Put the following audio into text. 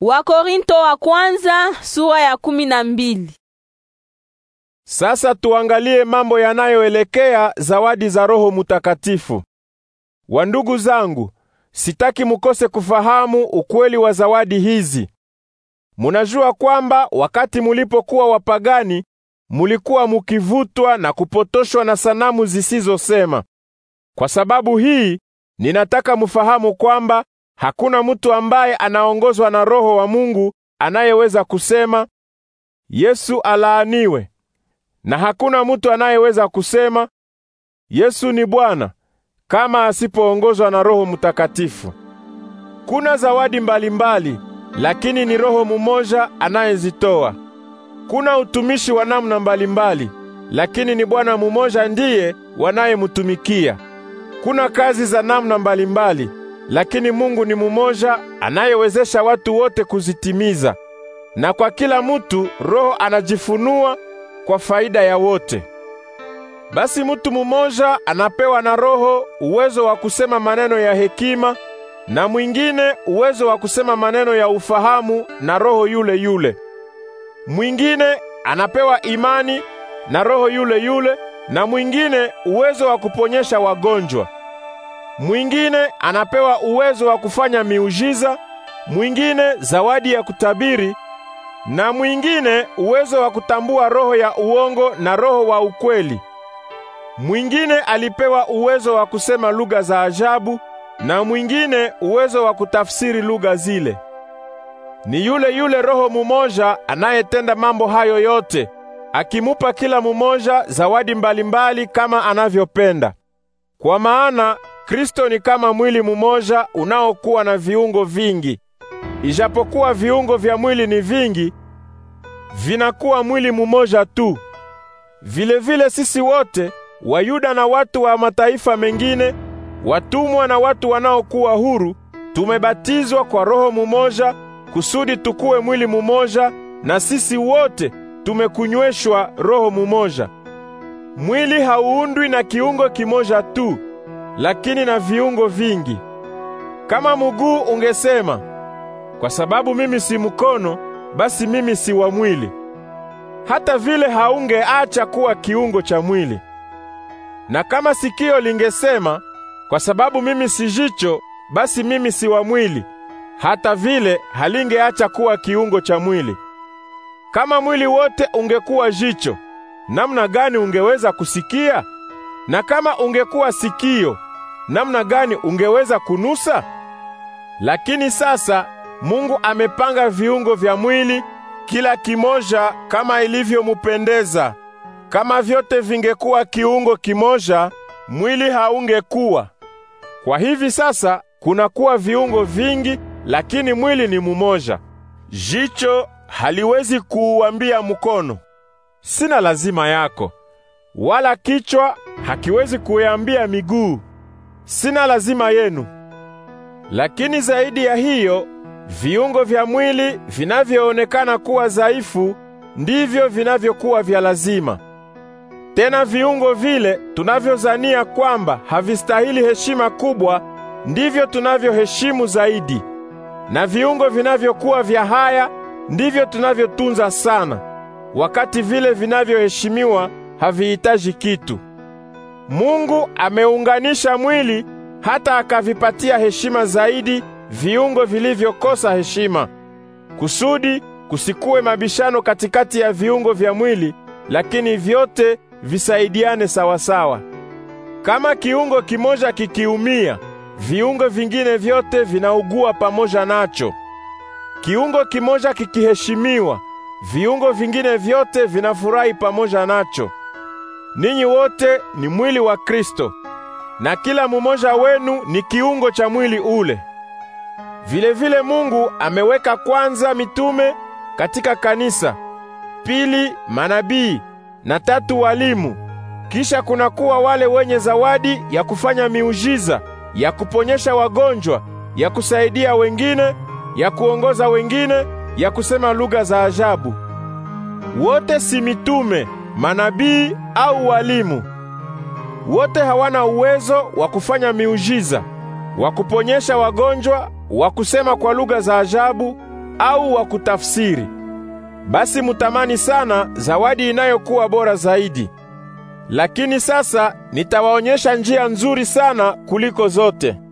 Wakorinto wa kwanza, sura ya kumi na mbili. Sasa tuangalie mambo yanayoelekea zawadi za Roho Mutakatifu. Wandugu zangu, sitaki mukose kufahamu ukweli wa zawadi hizi. Munajua kwamba wakati mulipokuwa wapagani, mulikuwa mukivutwa na kupotoshwa na sanamu zisizosema. Kwa sababu hii, ninataka mufahamu kwamba Hakuna mtu ambaye anaongozwa na Roho wa Mungu anayeweza kusema Yesu alaaniwe, na hakuna mtu anayeweza kusema Yesu ni Bwana kama asipoongozwa na Roho Mtakatifu. Kuna zawadi mbalimbali mbali, lakini ni Roho mumoja anayezitoa. Kuna utumishi wa namna mbalimbali, lakini ni Bwana mumoja ndiye wanayemtumikia. Kuna kazi za namna mbalimbali mbali, lakini Mungu ni mumoja anayewezesha watu wote kuzitimiza, na kwa kila mutu Roho anajifunua kwa faida ya wote. Basi mutu mumoja anapewa na Roho uwezo wa kusema maneno ya hekima, na mwingine uwezo wa kusema maneno ya ufahamu na Roho yule yule. Mwingine anapewa imani na Roho yule yule, na mwingine uwezo wa kuponyesha wagonjwa mwingine anapewa uwezo wa kufanya miujiza, mwingine zawadi ya kutabiri, na mwingine uwezo wa kutambua roho ya uongo na roho wa ukweli. Mwingine alipewa uwezo wa kusema lugha za ajabu na mwingine uwezo wa kutafsiri lugha zile. Ni yule yule Roho mumoja anayetenda mambo hayo yote, akimupa kila mumoja zawadi mbalimbali mbali kama anavyopenda. Kwa maana Kristo ni kama mwili mmoja unaokuwa na viungo vingi. Ijapokuwa viungo vya mwili ni vingi, vinakuwa mwili mmoja tu. vile vile sisi wote Wayuda na watu wa mataifa mengine, watumwa na watu wanaokuwa huru, tumebatizwa kwa roho mumoja kusudi tukue mwili mumoja, na sisi wote tumekunyweshwa roho mumoja. Mwili hauundwi na kiungo kimoja tu, lakini na viungo vingi. Kama muguu ungesema, kwa sababu mimi si mkono, basi mimi si wa mwili, hata vile haungeacha kuwa kiungo cha mwili. Na kama sikio lingesema, kwa sababu mimi si jicho, basi mimi si wa mwili, hata vile halingeacha kuwa kiungo cha mwili. Kama mwili wote ungekuwa jicho, namna gani ungeweza kusikia? Na kama ungekuwa sikio, namna gani ungeweza kunusa? Lakini sasa Mungu amepanga viungo vya mwili kila kimoja kama ilivyomupendeza. Kama vyote vingekuwa kiungo kimoja, mwili haungekuwa. Kwa hivi sasa kunakuwa viungo vingi, lakini mwili ni mumoja. Jicho haliwezi kuuambia mkono, sina lazima yako, wala kichwa hakiwezi kuiambia miguu, sina lazima yenu. Lakini zaidi ya hiyo, viungo vya mwili vinavyoonekana kuwa dhaifu ndivyo vinavyokuwa vya lazima. Tena viungo vile tunavyozania kwamba havistahili heshima kubwa ndivyo tunavyoheshimu zaidi, na viungo vinavyokuwa vya haya ndivyo tunavyotunza sana, wakati vile vinavyoheshimiwa havihitaji kitu. Mungu ameunganisha mwili hata akavipatia heshima zaidi viungo vilivyokosa heshima, kusudi kusikuwe mabishano katikati ya viungo vya mwili, lakini vyote visaidiane sawasawa. Kama kiungo kimoja kikiumia, viungo vingine vyote vinaugua pamoja nacho. Kiungo kimoja kikiheshimiwa, viungo vingine vyote vinafurahi pamoja nacho ninyi wote ni mwili wa Kristo, na kila mumoja wenu ni kiungo cha mwili ule. Vilevile vile Mungu ameweka kwanza mitume katika kanisa, pili manabii na tatu walimu. Kisha kunakuwa wale wenye zawadi ya kufanya miujiza, ya kuponyesha wagonjwa, ya kusaidia wengine, ya kuongoza wengine, ya kusema lugha za ajabu. Wote si mitume, manabii au walimu. Wote hawana uwezo wa kufanya miujiza, wa kuponyesha wagonjwa, wa kusema kwa lugha za ajabu au wa kutafsiri. Basi mutamani sana zawadi inayokuwa bora zaidi. Lakini sasa nitawaonyesha njia nzuri sana kuliko zote.